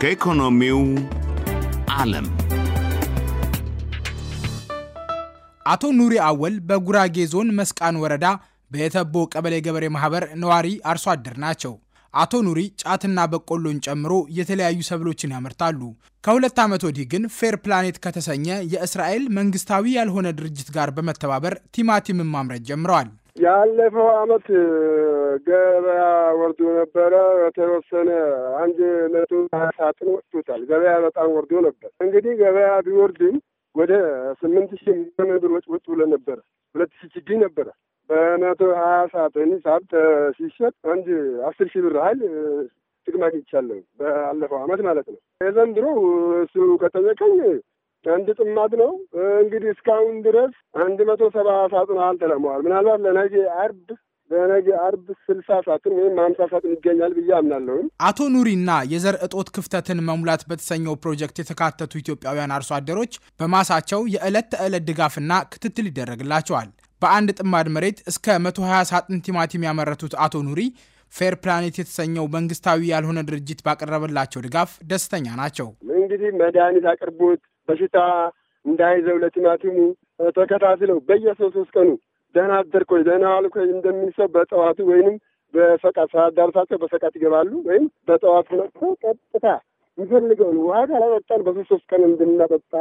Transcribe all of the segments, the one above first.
ከኢኮኖሚው ዓለም አቶ ኑሪ አወል በጉራጌ ዞን መስቃን ወረዳ በየተቦ ቀበሌ ገበሬ ማህበር ነዋሪ አርሶ አደር ናቸው። አቶ ኑሪ ጫትና በቆሎን ጨምሮ የተለያዩ ሰብሎችን ያመርታሉ። ከሁለት ዓመት ወዲህ ግን ፌር ፕላኔት ከተሰኘ የእስራኤል መንግስታዊ ያልሆነ ድርጅት ጋር በመተባበር ቲማቲምን ማምረት ጀምረዋል። ያለፈው አመት ገበያ ወርዶ ነበረ። የተወሰነ አንድ መቶ ሳጥን ወጥቶታል። ገበያ በጣም ወርዶ ነበር። እንግዲህ ገበያ ቢወርድም ወደ ስምንት ሺ የሚሆን ብር ወጭ ወጭ ብሎ ነበረ። ሁለት ሺ ችግኝ ነበረ። በመቶ ሀያ ሳጥን ሳብ ሲሸጥ አንድ አስር ሺ ብር ያህል ጥቅም አግኝቻለሁ። በአለፈው አመት ማለት ነው። የዘንድሮ እሱ ከጠየቀኝ አንድ ጥማድ ነው እንግዲህ እስካሁን ድረስ አንድ መቶ ሰባ ሳጥናል ተለመዋል። ምናልባት ለነገ አርብ በነገ አርብ ስልሳ ሳጥን ወይም ሀምሳ ሳጥን ይገኛል ብዬ አምናለሁኝ። አቶ ኑሪና የዘር እጦት ክፍተትን መሙላት በተሰኘው ፕሮጀክት የተካተቱ ኢትዮጵያውያን አርሶ አደሮች በማሳቸው የዕለት ተዕለት ድጋፍና ክትትል ይደረግላቸዋል። በአንድ ጥማድ መሬት እስከ 120 ሳጥን ቲማቲም ያመረቱት አቶ ኑሪ ፌር ፕላኔት የተሰኘው መንግስታዊ ያልሆነ ድርጅት ባቀረበላቸው ድጋፍ ደስተኛ ናቸው። እንግዲህ መድኃኒት አቅርቦት በሽታ እንዳይዘው ለቲማቲሙ ተከታትለው በየሰው ሶስት ቀኑ ደህና አደርኮይ ደህና ዋልኮይ እንደሚል ሰው በጠዋቱ ወይንም በሰቃት ሳያዳርሳቸው በሰቃት ይገባሉ። ወይም በጠዋቱ መጥቶ ቀጥታ የሚፈልገውን ውሃ ካላጠጣን በሶስት ሶስት ቀን እንድናጠጣ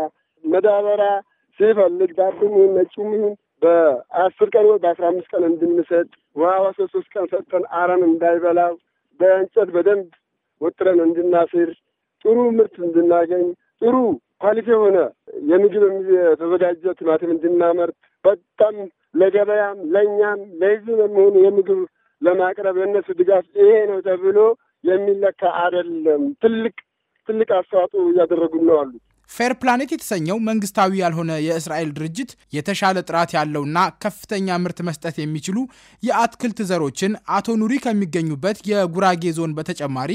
መዳበሪያ ሲፈልግ ዳብም ይሁን ነጩም ይሁን በአስር ቀን ወይ በአስራ አምስት ቀን እንድንሰጥ ውሃ በሶስት ሶስት ቀን ሰጥተን አረም እንዳይበላው በእንጨት በደንብ ወጥረን እንድናስር ጥሩ ምርት እንድናገኝ ጥሩ ኳሊቲ የሆነ የምግብ የተዘጋጀ ቲማቲም እንድናመርት በጣም ለገበያም ለእኛም ለህዝብ የሚሆኑ የምግብ ለማቅረብ የእነሱ ድጋፍ ይሄ ነው ተብሎ የሚለካ አይደለም። ትልቅ ትልቅ አስተዋጽኦ እያደረጉ ነው አሉ። ፌር ፕላኔት የተሰኘው መንግስታዊ ያልሆነ የእስራኤል ድርጅት የተሻለ ጥራት ያለውና ከፍተኛ ምርት መስጠት የሚችሉ የአትክልት ዘሮችን አቶ ኑሪ ከሚገኙበት የጉራጌ ዞን በተጨማሪ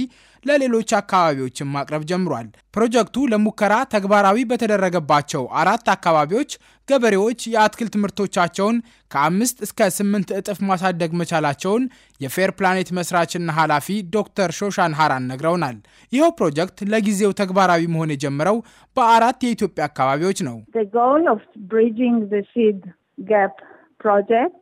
ለሌሎች አካባቢዎችን ማቅረብ ጀምሯል። ፕሮጀክቱ ለሙከራ ተግባራዊ በተደረገባቸው አራት አካባቢዎች ገበሬዎች የአትክልት ምርቶቻቸውን ከአምስት እስከ ስምንት እጥፍ ማሳደግ መቻላቸውን የፌር ፕላኔት መስራችና ኃላፊ ዶክተር ሾሻን ሃራን ነግረውናል። ይኸው ፕሮጀክት ለጊዜው ተግባራዊ መሆን የጀመረው በአራት የኢትዮጵያ አካባቢዎች ነው። ፕሮጀክት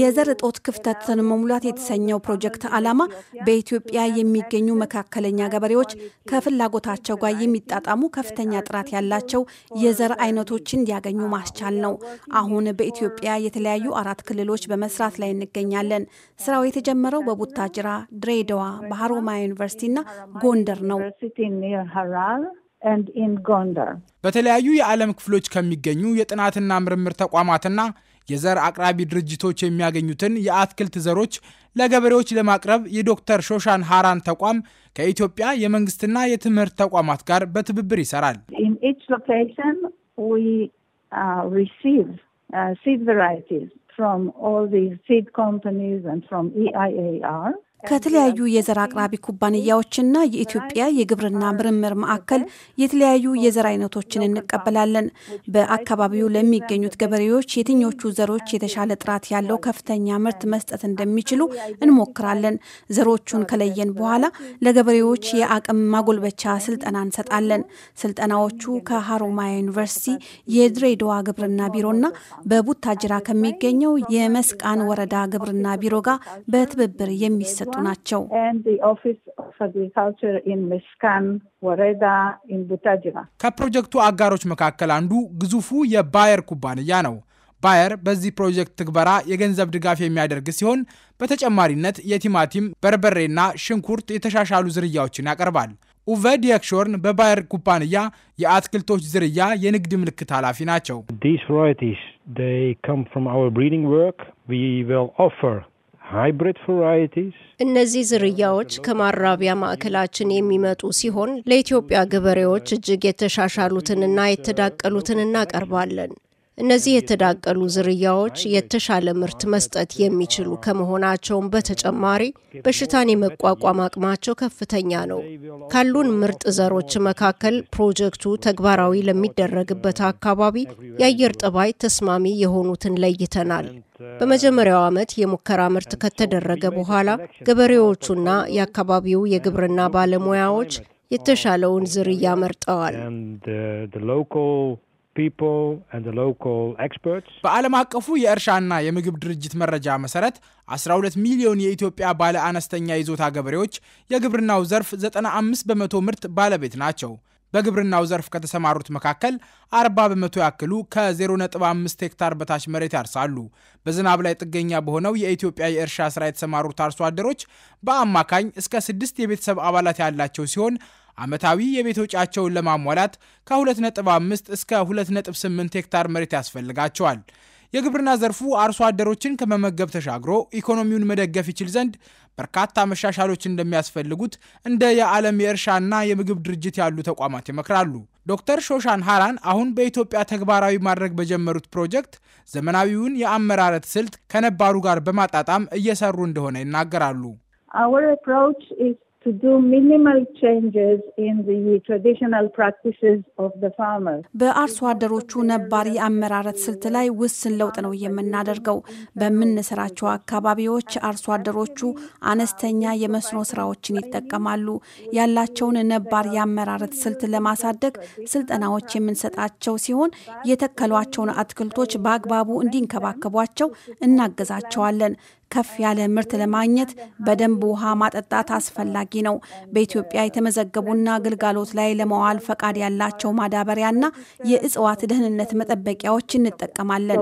የዘር እጦት ክፍተትን መሙላት የተሰኘው ፕሮጀክት ዓላማ በኢትዮጵያ የሚገኙ መካከለኛ ገበሬዎች ከፍላጎታቸው ጋር የሚጣጣሙ ከፍተኛ ጥራት ያላቸው የዘር አይነቶች እንዲያገኙ ማስቻል ነው። አሁን በኢትዮጵያ የተለያዩ አራት ክልሎች በመስራት ላይ እንገኛለን። ስራው የተጀመረው በቡታጅራ፣ ድሬዳዋ፣ ዩኒቨርሲቲ ዩኒቨርሲቲና ጎንደር ነው። በተለያዩ የዓለም ክፍሎች ከሚገኙ የጥናትና ምርምር ተቋማትና የዘር አቅራቢ ድርጅቶች የሚያገኙትን የአትክልት ዘሮች ለገበሬዎች ለማቅረብ የዶክተር ሾሻን ሃራን ተቋም ከኢትዮጵያ የመንግስትና የትምህርት ተቋማት ጋር በትብብር ይሰራል። ከተለያዩ የዘር አቅራቢ ኩባንያዎችና የኢትዮጵያ የግብርና ምርምር ማዕከል የተለያዩ የዘር አይነቶችን እንቀበላለን። በአካባቢው ለሚገኙት ገበሬዎች የትኞቹ ዘሮች የተሻለ ጥራት ያለው ከፍተኛ ምርት መስጠት እንደሚችሉ እንሞክራለን። ዘሮቹን ከለየን በኋላ ለገበሬዎች የአቅም ማጎልበቻ ስልጠና እንሰጣለን። ስልጠናዎቹ ከሀሮማያ ዩኒቨርሲቲ የድሬዳዋ ግብርና ቢሮና በቡታጅራ ከሚገኘው የመስቃን ወረዳ ግብርና ቢሮ ጋር በትብብር የሚሰጡ የተመረጡ ናቸው። ከፕሮጀክቱ አጋሮች መካከል አንዱ ግዙፉ የባየር ኩባንያ ነው። ባየር በዚህ ፕሮጀክት ትግበራ የገንዘብ ድጋፍ የሚያደርግ ሲሆን በተጨማሪነት የቲማቲም በርበሬና ሽንኩርት የተሻሻሉ ዝርያዎችን ያቀርባል። ኡቨ ዲያክሾርን በባየር ኩባንያ የአትክልቶች ዝርያ የንግድ ምልክት ኃላፊ ናቸው። እነዚህ ዝርያዎች ከማራቢያ ማዕከላችን የሚመጡ ሲሆን ለኢትዮጵያ ገበሬዎች እጅግ የተሻሻሉትንና የተዳቀሉትን እናቀርባለን። እነዚህ የተዳቀሉ ዝርያዎች የተሻለ ምርት መስጠት የሚችሉ ከመሆናቸውም በተጨማሪ በሽታን የመቋቋም አቅማቸው ከፍተኛ ነው። ካሉን ምርጥ ዘሮች መካከል ፕሮጀክቱ ተግባራዊ ለሚደረግበት አካባቢ የአየር ጠባይ ተስማሚ የሆኑትን ለይተናል። በመጀመሪያው ዓመት የሙከራ ምርት ከተደረገ በኋላ ገበሬዎቹና የአካባቢው የግብርና ባለሙያዎች የተሻለውን ዝርያ መርጠዋል። በዓለም አቀፉ የእርሻና የምግብ ድርጅት መረጃ መሰረት 12 ሚሊዮን የኢትዮጵያ ባለ አነስተኛ ይዞታ ገበሬዎች የግብርናው ዘርፍ 95 በመቶ ምርት ባለቤት ናቸው። በግብርናው ዘርፍ ከተሰማሩት መካከል 40 በመቶ ያክሉ ከ0.5 ሄክታር በታች መሬት ያርሳሉ። በዝናብ ላይ ጥገኛ በሆነው የኢትዮጵያ የእርሻ ስራ የተሰማሩት አርሶ አደሮች በአማካኝ እስከ ስድስት የቤተሰብ አባላት ያላቸው ሲሆን ዓመታዊ የቤት ወጪያቸውን ለማሟላት ከ2.5 እስከ 2.8 ሄክታር መሬት ያስፈልጋቸዋል። የግብርና ዘርፉ አርሶ አደሮችን ከመመገብ ተሻግሮ ኢኮኖሚውን መደገፍ ይችል ዘንድ በርካታ መሻሻሎች እንደሚያስፈልጉት እንደ የዓለም የእርሻና የምግብ ድርጅት ያሉ ተቋማት ይመክራሉ። ዶክተር ሾሻን ሃራን አሁን በኢትዮጵያ ተግባራዊ ማድረግ በጀመሩት ፕሮጀክት ዘመናዊውን የአመራረት ስልት ከነባሩ ጋር በማጣጣም እየሰሩ እንደሆነ ይናገራሉ። to do minimal changes in the traditional practices of the farmers. በአርሶ አደሮቹ ነባር የአመራረት ስልት ላይ ውስን ለውጥ ነው የምናደርገው። በምንሰራቸው አካባቢዎች አርሶ አደሮቹ አነስተኛ የመስኖ ስራዎችን ይጠቀማሉ። ያላቸውን ነባር የአመራረት ስልት ለማሳደግ ስልጠናዎች የምንሰጣቸው ሲሆን የተከሏቸውን አትክልቶች በአግባቡ እንዲንከባከቧቸው እናገዛቸዋለን። ከፍ ያለ ምርት ለማግኘት በደንብ ውሃ ማጠጣት አስፈላጊ ነው። በኢትዮጵያ የተመዘገቡና ግልጋሎት ላይ ለመዋል ፈቃድ ያላቸው ማዳበሪያና የእጽዋት ደህንነት መጠበቂያዎች እንጠቀማለን።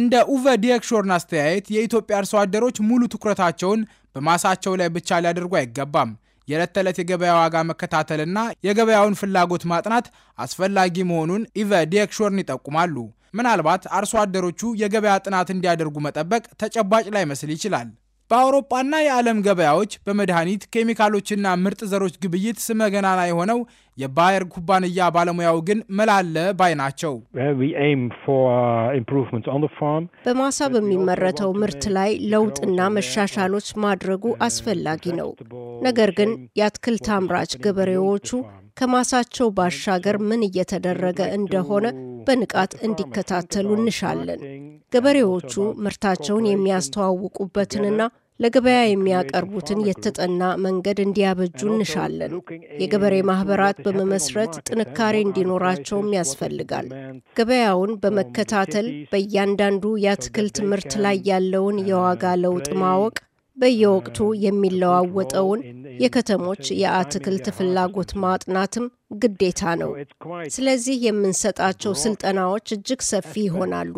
እንደ ኡቨ ዲየክሾርን አስተያየት የኢትዮጵያ አርሶ አደሮች ሙሉ ትኩረታቸውን በማሳቸው ላይ ብቻ ሊያደርጉ አይገባም። የዕለት ተዕለት የገበያ ዋጋ መከታተልና የገበያውን ፍላጎት ማጥናት አስፈላጊ መሆኑን ኢቨ ዲየክሾርን ይጠቁማሉ። ምናልባት አርሶ አደሮቹ የገበያ ጥናት እንዲያደርጉ መጠበቅ ተጨባጭ ላይመስል ይችላል። በአውሮፓና የዓለም ገበያዎች በመድኃኒት ኬሚካሎችና ምርጥ ዘሮች ግብይት ስመ ገናና የሆነው የባየር ኩባንያ ባለሙያው ግን መላለ ባይ ናቸው። uh, በማሳ በሚመረተው ምርት ላይ ለውጥና መሻሻሎች ማድረጉ አስፈላጊ ነው። ነገር ግን የአትክልት አምራች ገበሬዎቹ ከማሳቸው ባሻገር ምን እየተደረገ እንደሆነ በንቃት እንዲከታተሉ እንሻለን። ገበሬዎቹ ምርታቸውን የሚያስተዋውቁበትንና ለገበያ የሚያቀርቡትን የተጠና መንገድ እንዲያበጁ እንሻለን። የገበሬ ማህበራት በመመስረት ጥንካሬ እንዲኖራቸውም ያስፈልጋል። ገበያውን በመከታተል በእያንዳንዱ የአትክልት ምርት ላይ ያለውን የዋጋ ለውጥ ማወቅ፣ በየወቅቱ የሚለዋወጠውን የከተሞች የአትክልት ፍላጎት ማጥናትም ግዴታ ነው። ስለዚህ የምንሰጣቸው ስልጠናዎች እጅግ ሰፊ ይሆናሉ።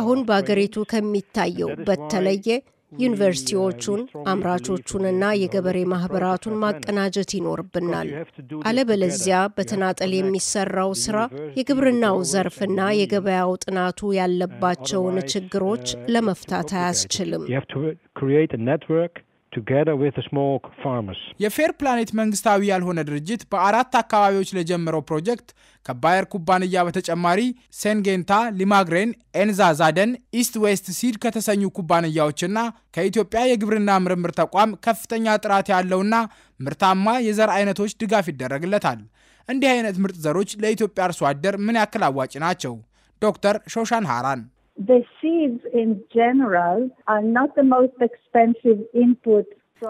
አሁን በአገሪቱ ከሚታየው በተለየ ዩኒቨርሲቲዎቹን፣ አምራቾቹንና የገበሬ ማህበራቱን ማቀናጀት ይኖርብናል። አለበለዚያ በተናጠል የሚሰራው ስራ የግብርናው ዘርፍና የገበያው ጥናቱ ያለባቸውን ችግሮች ለመፍታት አያስችልም። የፌር ፕላኔት መንግስታዊ ያልሆነ ድርጅት በአራት አካባቢዎች ለጀመረው ፕሮጀክት ከባየር ኩባንያ በተጨማሪ ሴንጌንታ፣ ሊማግሬን፣ ኤንዛ ዛደን፣ ኢስት ዌስት ሲድ ከተሰኙ ኩባንያዎችና ከኢትዮጵያ የግብርና ምርምር ተቋም ከፍተኛ ጥራት ያለውና ምርታማ የዘር አይነቶች ድጋፍ ይደረግለታል። እንዲህ አይነት ምርጥ ዘሮች ለኢትዮጵያ አርሶ አደር ምን ያክል አዋጭ ናቸው? ዶክተር ሾሻን ሃራን the seeds in general are not the most expensive input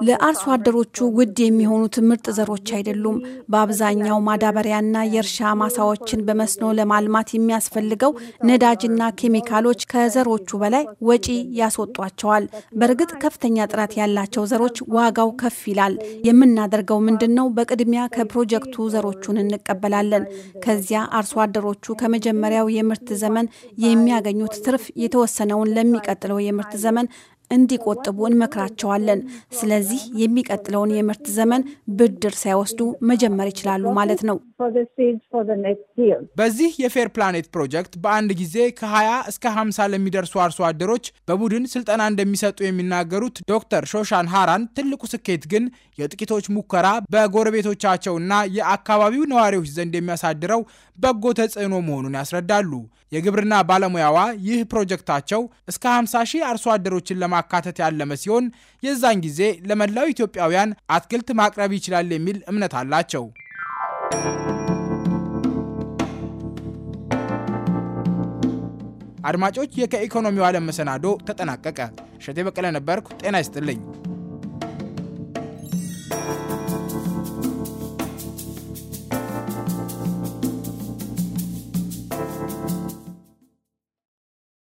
ለአርሶ አደሮቹ ውድ የሚሆኑት ምርጥ ዘሮች አይደሉም። በአብዛኛው ማዳበሪያና የእርሻ ማሳዎችን በመስኖ ለማልማት የሚያስፈልገው ነዳጅና ኬሚካሎች ከዘሮቹ በላይ ወጪ ያስወጧቸዋል። በእርግጥ ከፍተኛ ጥራት ያላቸው ዘሮች ዋጋው ከፍ ይላል። የምናደርገው ምንድን ነው? በቅድሚያ ከፕሮጀክቱ ዘሮቹን እንቀበላለን። ከዚያ አርሶ አደሮቹ ከመጀመሪያው የምርት ዘመን የሚያገኙት ትርፍ የተወሰነውን ለሚቀጥለው የምርት ዘመን እንዲቆጥቡ እንመክራቸዋለን። ስለዚህ የሚቀጥለውን የምርት ዘመን ብድር ሳይወስዱ መጀመር ይችላሉ ማለት ነው። በዚህ የፌር ፕላኔት ፕሮጀክት በአንድ ጊዜ ከ20 እስከ 50 ለሚደርሱ አርሶ አደሮች በቡድን ስልጠና እንደሚሰጡ የሚናገሩት ዶክተር ሾሻን ሃራን ትልቁ ስኬት ግን የጥቂቶች ሙከራ በጎረቤቶቻቸውና የአካባቢው ነዋሪዎች ዘንድ የሚያሳድረው በጎ ተጽዕኖ መሆኑን ያስረዳሉ። የግብርና ባለሙያዋ ይህ ፕሮጀክታቸው እስከ 50 ሺህ አርሶ አደሮችን ለማካተት ያለመ ሲሆን የዛን ጊዜ ለመላው ኢትዮጵያውያን አትክልት ማቅረብ ይችላል የሚል እምነት አላቸው። አድማጮች፣ የከኢኮኖሚው ዓለም መሰናዶ ተጠናቀቀ። እሸቴ በቀለ ነበርኩ። ጤና ይስጥልኝ።